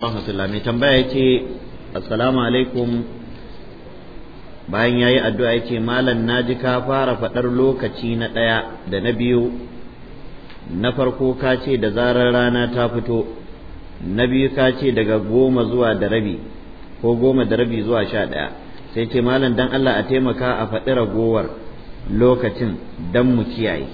rahmatullah mai tambaya ce, assalamu alaikum bayan ya yi addu'a ya yace malam na ji ka fara faɗar lokaci na ɗaya da na biyu na farko ka ce da zarar rana ta fito na biyu ka ce daga goma zuwa da rabi ko goma da rabi zuwa sha ɗaya sai ce malam dan Allah a taimaka a faɗi ragowar lokacin dan mu kiyaye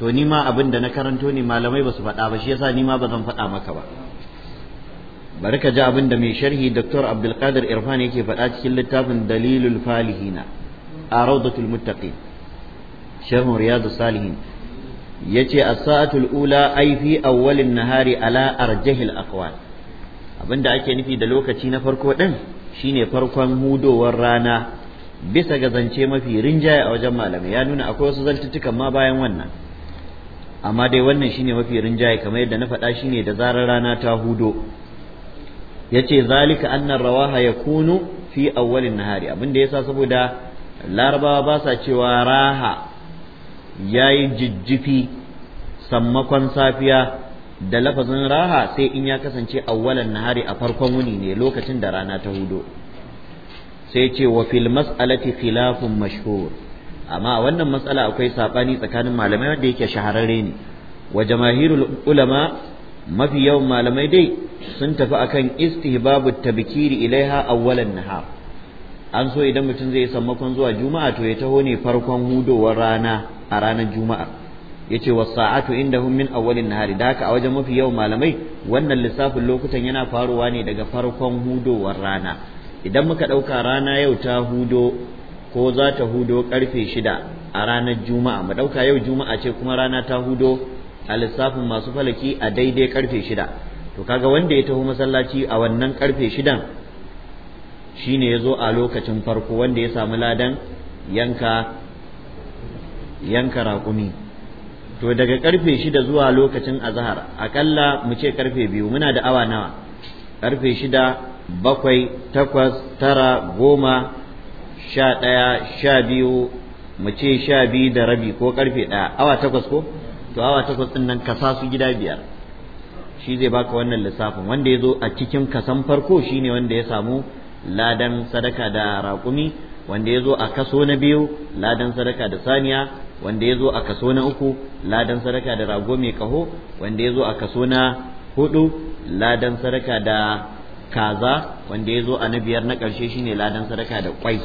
to ni ma abin da na karanto ne malamai ba su faɗa ba shi yasa ni ma ba zan faɗa maka ba bari ka ji abin da mai sharhi Dr. Abdulkadir Irfan yake faɗa cikin littafin Dalilul Falihina a Rawdatul Muttaqin sharhun Riyadu Salihin yace as-sa'atul ula aifi awwalin nahari ala arjahil aqwal abinda ake nufi da lokaci na farko din shine farkon hudowar rana bisa ga zance mafi rinjaye a wajen malamai ya nuna akwai wasu zantuttukan ma bayan wannan amma dai wannan shine mafi rinjaye kamar yadda na faɗa shine da zarar rana ta hudo yace zalika anna rawaha yakunu fi awwalin nahari abinda yasa saboda larabawa ba sa cewa raha yayi jijjifi sammakon safiya da lafazin raha sai in ya kasance awwalan nahari a farkon wuni ne lokacin da rana ta hudo sai ce wa fil mas'alati khilafun mashhur amma a wannan matsala akwai sabani tsakanin malamai wanda yake shahararre ne wa jamahirul ulama mafi yawan malamai dai sun tafi akan istihbabu tabkiri ilaiha awwalan nahar an so idan mutum zai sammakon zuwa juma'a to ya taho ne farkon hudowar rana a ranar juma'a yace was sa'atu indahum min awwalin nahari da haka a wajen mafi yawan malamai wannan lissafin lokutan yana faruwa ne daga farkon hudowar rana idan muka ɗauka rana yau ta hudo ko za ta hudo karfe shida a ranar juma'a mu ɗauka yau juma'a ce kuma rana ta hudo a lissafin masu falaki a daidai karfe shida to kaga wanda ya taho masallaci a wannan karfe shidan shine ya zo a lokacin farko wanda ya samu ladan yanka yanka raƙumi to daga karfe shida zuwa lokacin azahar akalla mu ce karfe biyu muna da awa nawa karfe shida bakwai takwas tara goma sha ɗaya sha biyu mu ce sha biyu da rabi ko karfe ɗaya awa takwas ko to awa takwas din nan kasa su gida biyar shi zai baka wannan lissafin wanda ya zo a cikin kasan farko shine wanda ya samu ladan sadaka da raƙumi wanda ya zo a kaso na biyu ladan sadaka da saniya wanda ya zo a kaso na uku ladan sadaka da rago mai kaho wanda ya zo a kaso na hudu ladan sadaka da kaza wanda ya zo a na biyar na ƙarshe shine ladan sadaka da kwai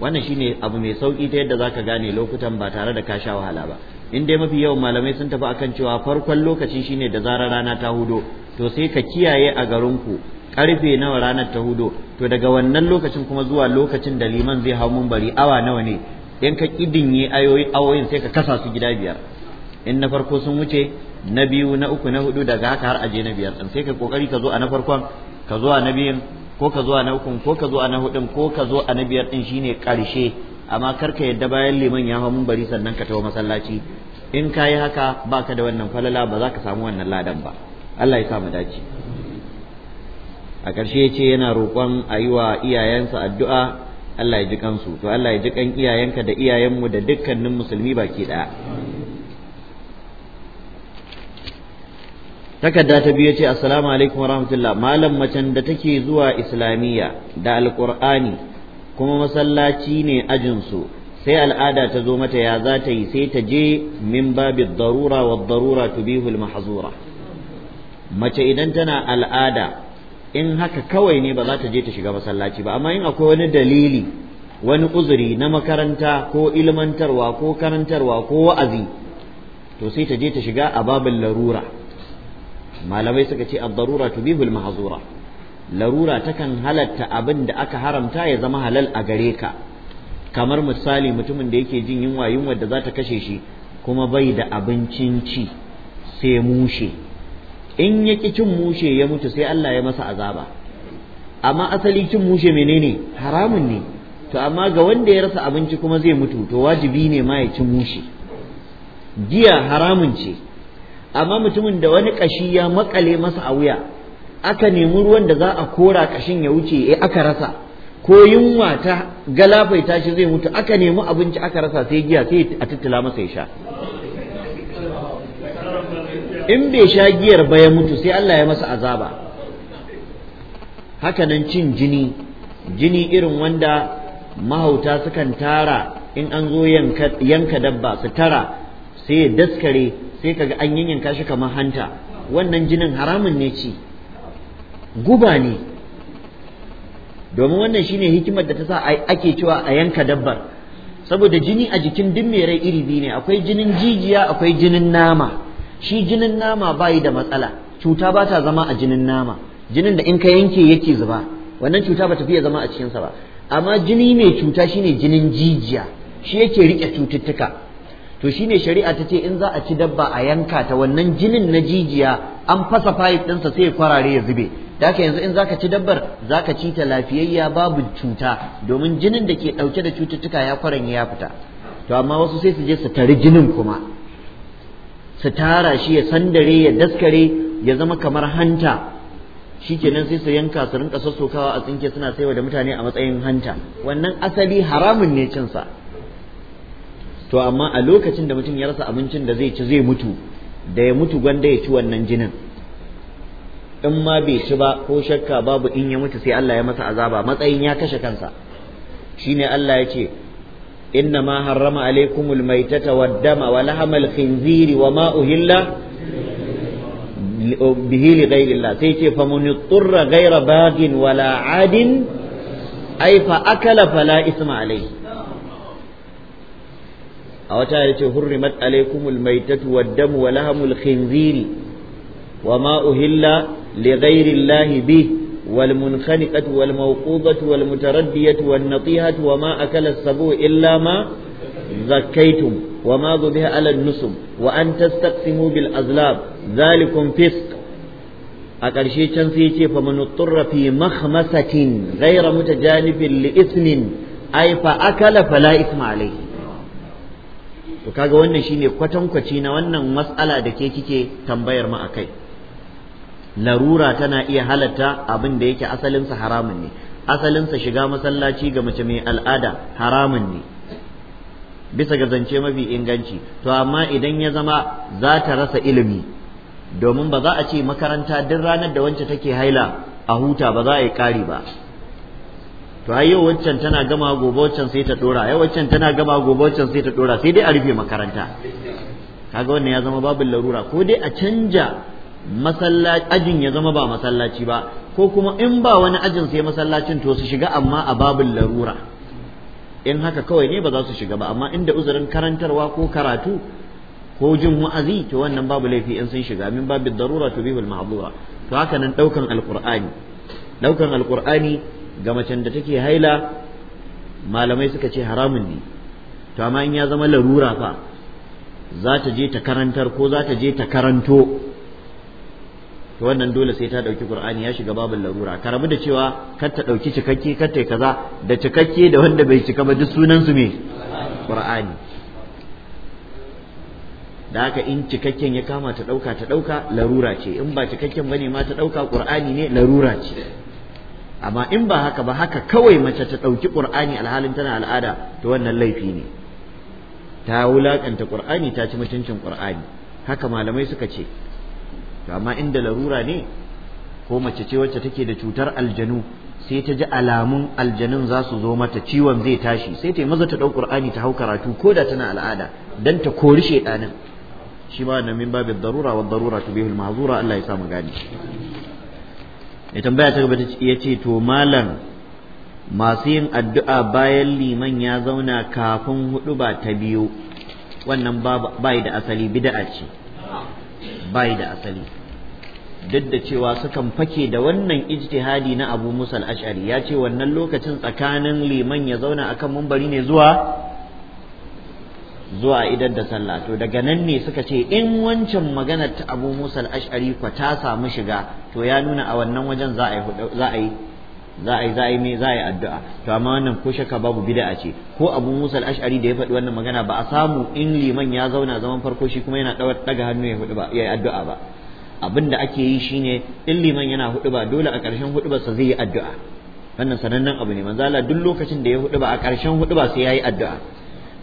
wannan shine abu mai sauki ta yadda za ka gane lokutan ba tare da ka sha wahala ba in dai mafi yawan malamai sun tafi akan cewa farkon lokaci shine da zarar rana ta hudo to sai ka kiyaye a garinku karfe nawa ranar ta hudo to daga wannan lokacin kuma zuwa lokacin da liman zai hau bari awa nawa ne in ka kidinye ayoyi awoyin sai ka kasa su gida biyar in na farko sun wuce na biyu na uku na hudu daga haka har aje na biyar din sai ka kokari ka zo a na farkon ka zo a na biyun ko ka zo a na ukun ko ka zo a na hudun ko ka zo a na biyar din shine karshe amma kar ka yadda bayan liman ya hau bari sannan ka tawo masallaci in ka yi haka ba ka da wannan falala ba za ka samu wannan ladan ba Allah ya sa mu dace a ƙarshe ce yana roƙon a yi wa iyayensa addu'a Allah ya ji kansu to Allah ya ji kan iyayenka da iyayenmu da dukkanin musulmi baki ɗaya takarda ta biyu ce assalamu alaikum wa rahmatullah malam macen da take zuwa islamiyya da Alƙur'ani. kuma masallaci ne ajinsu sai al'ada ta zo mata ya za ta yi sai ta je min babi darura wa darura tubihu mahzura mace idan tana al'ada in haka kawai ne ba za ta je ta shiga masallaci ba amma in akwai wani dalili wani uzuri na makaranta ko ilmantarwa ko karantarwa ko wa'azi to sai ta je ta shiga a babin larura malamai suka ce ad-darura tubihu mahzura larura takan halatta abin da aka haramta ya zama halal a gare ka kamar misali mutumin da yake jin yunwa yunwa da za ta kashe shi kuma bai da abincin ci sai mushe in ya ki cin mushe ya mutu sai Allah ya masa azaba amma asali cin mushe menene haramun ne to amma ga wanda ya rasa abinci kuma zai mutu to wajibi ne ma ya ci mushe giya haramun ce amma mutumin da wani kashi ya makale masa a wuya aka nemi ruwan da za a kora kashin ya wuce eh aka rasa ko yunwa ta galafaita shi zai mutu aka nemi abinci aka rasa sai giya sai a tattala masa ya sha in bai sha giyar ba ya mutu sai Allah ya masa azaba Haka nan, cin jini jini irin wanda mahauta sukan tara in an zo yanka dabba su tara sai daskare sai kaga an yanka shi kamar hanta wannan jinin haramun ne ci guba ne domin wannan shine hikimar da ta sa ake cewa a yanka dabbar saboda jini a jikin duk mai rai iri ne akwai jinin jijiya akwai jinin nama shi jinin nama bayi da matsala cuta ba ta zama a jinin nama jinin da in ka yanke yake zuba wannan cuta ba ta fiye zama a cikinsa ba amma jini mai cuta shine jinin jijiya shi yake rike cututtuka to shine shari'a ta ce in za a ci dabba a yanka ta wannan jinin na jijiya an fasa fayif ɗinsa sai ya kwarare ya zube da haka yanzu in zaka ci dabbar zaka ci ta lafiyayya babu cuta domin jinin da ke ɗauke da cututtuka ya kwaranye ya fita to amma wasu sai su je su tari jinin kuma su tara shi ya sandare ya daskare ya zama kamar hanta shi nan sai su yanka su rinka sassokawa a tsinke suna saiwa da mutane a matsayin hanta wannan asali haramun ne cinsa to amma a lokacin da mutum ya rasa abincin da zai ci zai mutu da ya mutu gwanda ya ci wannan jinin in ma bai ci ba ko shakka babu in ya mutu sai Allah ya masa azaba matsayin ya kashe kansa shine Allah ya ce inna ma harrama alaikumul maitata wad dama wa lahamal khinziri wa ma uhilla bihi li ghairillah sai ce fa mun turra ghaira bagin wala adin ai fa akala fala isma alai a wata ya ce hurrimat alaikumul maitatu wad damu wa lahamul khinziri وما أهل لغير الله به والمنخنقة والموقوضة والمتردية والنطيهة وما أكل السبوع إلا ما زكيتم وما ذبح على النسب وأن تستقسموا بالأزلام ذلكم فسق أكرشي تنسيتي فمن اضطر في مخمسة غير متجانف لإثم أي فأكل فلا إثم عليه to kaga wannan shine kwatankwaci na wannan mas'ala da ke kike tambayar mu akai larura tana iya halatta abin da yake asalinsa haramun ne asalinsa shiga masallaci ga mace mai al'ada haramun ne bisa ga zance mafi inganci to amma idan ya zama za ta rasa ilimi domin ba za a ce makaranta duk ranar da wance take haila a huta ba za a yi ƙari ba to ai yau waccan tana gama gobe waccan sai ta dora yau waccan tana gama gobe waccan sai ta dora sai dai a rufe makaranta kaga wannan ya zama babin larura ko dai a canja masallaci ajin ya zama ba masallaci ba ko kuma in ba wani ajin sai masallacin to su shiga amma a babin larura in haka kawai ne ba za su shiga ba amma inda uzurin karantarwa ko karatu ko jin wa'azi to wannan babu laifi in sun shiga min babin darura to bihul mahdura to haka nan daukan alqur'ani daukan alqur'ani ga macen da take haila malamai suka ce haramun ne to amma in ya zama larura fa za ta je ta karantar ko za ta je ta karanto to wannan dole sai ta dauki qur'ani ya shiga babin larura ka da cewa kar ta dauki cikakke kar ta kaza da cikakke da wanda bai cika ba duk sunan su me qur'ani da haka in cikakken ya kama ta dauka ta dauka larura ce in ba cikakken bane ma ta dauka qur'ani ne larura ce amma in ba haka ba haka kawai mace ta dauki qur'ani alhalin tana al'ada to wannan laifi ne ta wulakanta qur'ani ta ci mutuncin qur'ani haka malamai suka ce to amma inda larura ne ko mace ce wacce take da cutar aljanu sai ta ji alamun aljanun za su zo mata ciwon zai tashi sai ta yi maza ta ɗau ƙur'ani ta hau karatu ko da tana al'ada dan ta kori shaiɗanin shi ma wannan min babin darura wa darura tubihul mahzura Allah ya sa mu gani ya tambaya ta gaba ya ce to malam masu yin addu'a bayan liman ya zauna kafin hudu ba ta biyo. wannan bai da asali bid'a ce bai da asali duk da cewa sukan fake da wannan ijtihadi na Abu Musa ashari ya ce wannan lokacin tsakanin liman ya zauna akan mumbari ne zuwa zuwa idan da sallah to daga nan ne suka ce in wancan maganar ta Abu Musa al-Ash'ari kwa ta samu shiga to ya nuna a wannan wajen za a yi za a yi za a yi za a yi addu'a to amma wannan ko shakka babu bid'a ce ko Abu Musa al-Ash'ari da ya faɗi wannan magana ba a samu in liman ya zauna zaman farko shi kuma yana daga hannu ya hudu ba ya yi addu'a ba abin da ake yi shine in liman yana hudu ba dole a ƙarshen hudu ba sa zai yi addu'a wannan sanannen abu ne manzo Allah duk lokacin da ya hudu ba a ƙarshen hudu ba sai yayi addu'a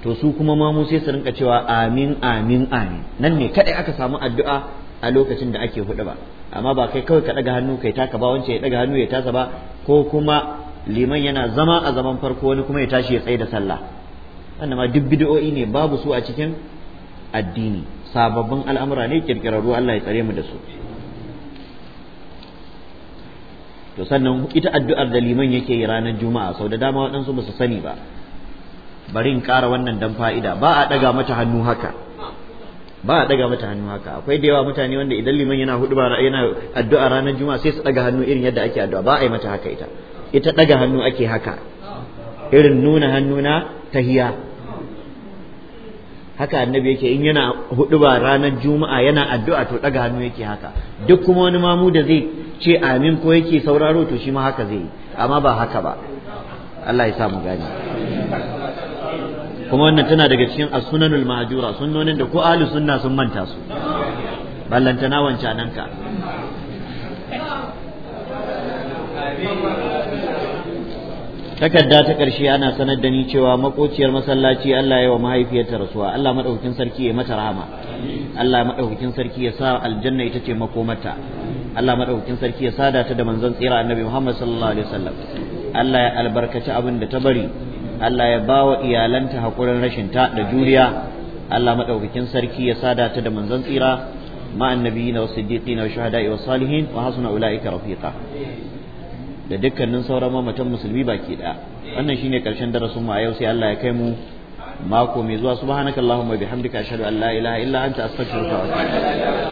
to su kuma ma sai su rinka cewa amin amin amin nan ne kadai aka samu addu'a a lokacin da ake hudu ba amma ba kai kawai ka daga hannu kai taka ba wance ya daga hannu ya tasa ba ko kuma liman yana zama a zaman farko wani kuma ya tashi ya tsaye da sallah wannan ma duk bid'o'i ne babu su a cikin addini sababbin al'amura ne kirkirarru Allah ya tsare mu da su to sannan ita addu'ar da liman yake yi ranar juma'a sau da dama waɗansu ba su sani ba bari in ƙara wannan dan fa'ida ba a ɗaga mata hannu haka ba a daga mata hannu haka akwai da yawa mutane wanda idan liman yana hudu ba yana addu'a ranar juma'a sai su daga hannu irin yadda ake addu'a ba a yi mata haka ita ita daga hannu ake haka irin nuna hannu na tahiya haka annabi yake in yana hudu ba ranar juma'a yana addu'a to daga hannu yake haka duk kuma wani mamu da zai ce amin ko yake sauraro to shi ma haka zai yi amma ba haka ba Allah ya sa mu gani kuma wannan tana daga cikin as-sunanul mahjura sunnonin da ko ahlus sunna sun manta su ballantana wancanan ka takarda ta ƙarshe ana sanar da ni cewa makociyar masallaci Allah ya yi wa mahaifiyarta rasuwa Allah madaukakin sarki ya mata rahama Allah madaukakin sarki ya sa aljanna ita ce makomata Allah madaukakin sarki ya sada ta da manzon tsira annabi Muhammad sallallahu alaihi wasallam Allah ya albarkaci abin da ta bari Allah ya ba wa iyalanta haƙurin rashin ta da juriya Allah maɗaukakin sarki ya sada ta da manzon tsira na wasu wa na wa shuhada'i wasu salihin wa hasuna ula'ika rafiqa da dukkanin sauran mamatan musulmi baki da wannan shine karshen darasin mu a yau sai Allah ya kai mu mako mai zuwa subhanakallahumma bihamdika ashhadu an la ilaha illa anta astaghfiruka wa atubu